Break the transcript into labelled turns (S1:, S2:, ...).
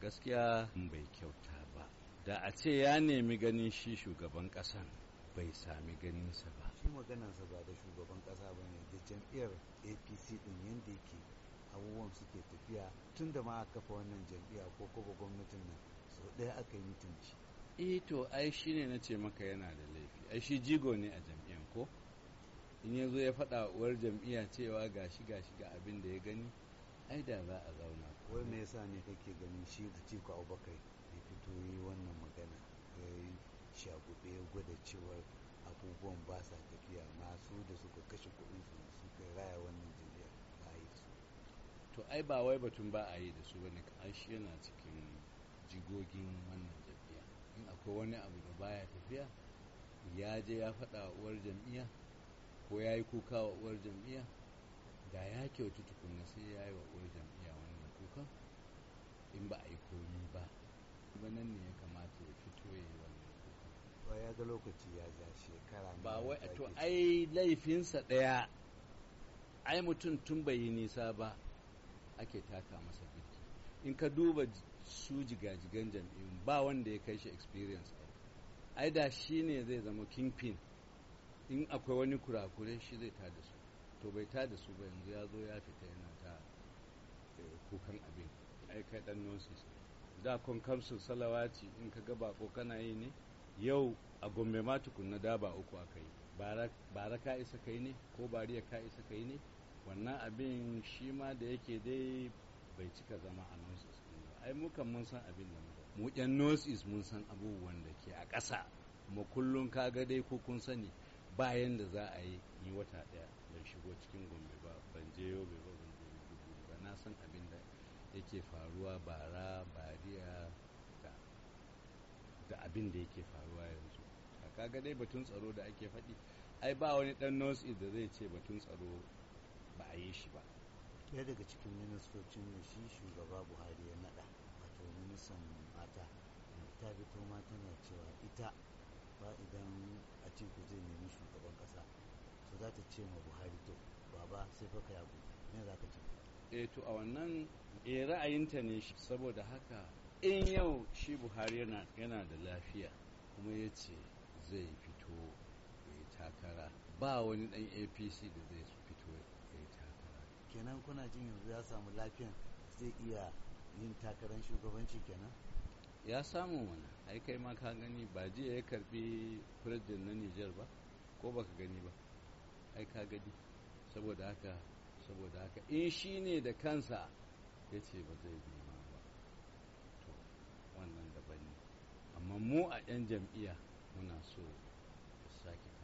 S1: gaskiya bai kyauta ba da a ce ya nemi ganin shi shugaban ƙasan bai sami ganinsa ba
S2: shi maganarsa ba da shugaban ƙasa ba ne da jam'iyyar apc din yadda yake abubuwan suke tafiya tun da ma aka kafa wannan jam'iyya ko kuma gwamnatin nan sau ɗaya aka yi mutunci eh to ai
S1: shi ne na ce maka yana da laifi ai shi jigo ne a jam'iyyan ko in ya zo ya faɗa uwar jam'iyya cewa gashi gashi ga abin da ya gani ai da za a zauna wai
S2: me yasa ne kake ganin shi a tiku abubakar ya fito yi wannan magana ya yi shagube ya gwada cewar abubuwan ba sa tafiya masu da suka kashe kuɗin su suka raya wannan jami'a ba yi su
S1: to ai ba wai batun ba a yi da su ba ne an shi yana cikin jigogin wannan tafiya in akwai wani abu da baya tafiya ya je ya faɗa wa uwar jam'iyya ko ya yi kuka wa uwar jam'iyya da ya kyautu tukunna sai ya yi wa uwar jam'iyya kaga nan ne ya kamata ya fito ya yi wannan
S2: ya ga lokaci ya ja shekara
S1: ba wai to ai laifinsa ɗaya ai mutum tun bai yi nisa ba ake taka masa birki in ka duba su jigajigan jam'iyyun ba wanda ya kai shi experience ai da shi ne zai zama kingpin in akwai wani kurakure shi zai ta da su to bai ta da su ba yanzu ya zo ya fita yana ta eh, kukan abin ai kai dan nonsense da kun kamsu salawaci in ka ga bako kana yi ne yau a gombe ma tukunna da ba uku aka yi bara ka isa kai ne ko bariya ka isa kai ne wannan abin shi ma da yake dai bai cika zama a north east ba ai mukan mun san abin da muka mu yan north east mun san abubuwan da ke a ƙasa kuma kullum ka ga dai ko kun sani bayan da za a yi ni wata ɗaya ban shigo cikin gombe ba ban je yobe ba ban je ba na san abin da yake faruwa bara bariya da abin da yake faruwa yanzu a kaga dai batun tsaro da ake faɗi ai ba wani dan nosi da zai ce batun
S2: tsaro ba a yi shi ba ɗaya daga cikin ministocin da shi shugaba buhari ya naɗa wato ministan mata ta fito ma tana cewa ita ba idan a ce ku zai nemi shugaban ƙasa to za ta ce ma buhari to baba sai fa ka yaku ne za ka ce
S1: eh to a wannan e ra'ayinta ne shi saboda haka in yau shi buhari yana da lafiya kuma ya ce zai fito ya takara ba wani dan apc da
S2: zai fito ya takara kenan kuna jin yanzu ya samu lafiyan zai iya yin takarar shugabanci kenan
S1: ya samu wani. ai ma ka gani ba jiya ya karbi firjin na Nijar ba ko baka gani ba ai ka gani saboda haka saboda haka in eh, shi ne da kansa ya ce ba zai nema ba to wannan daban ne amma mu a 'yan jam'iyya muna so sake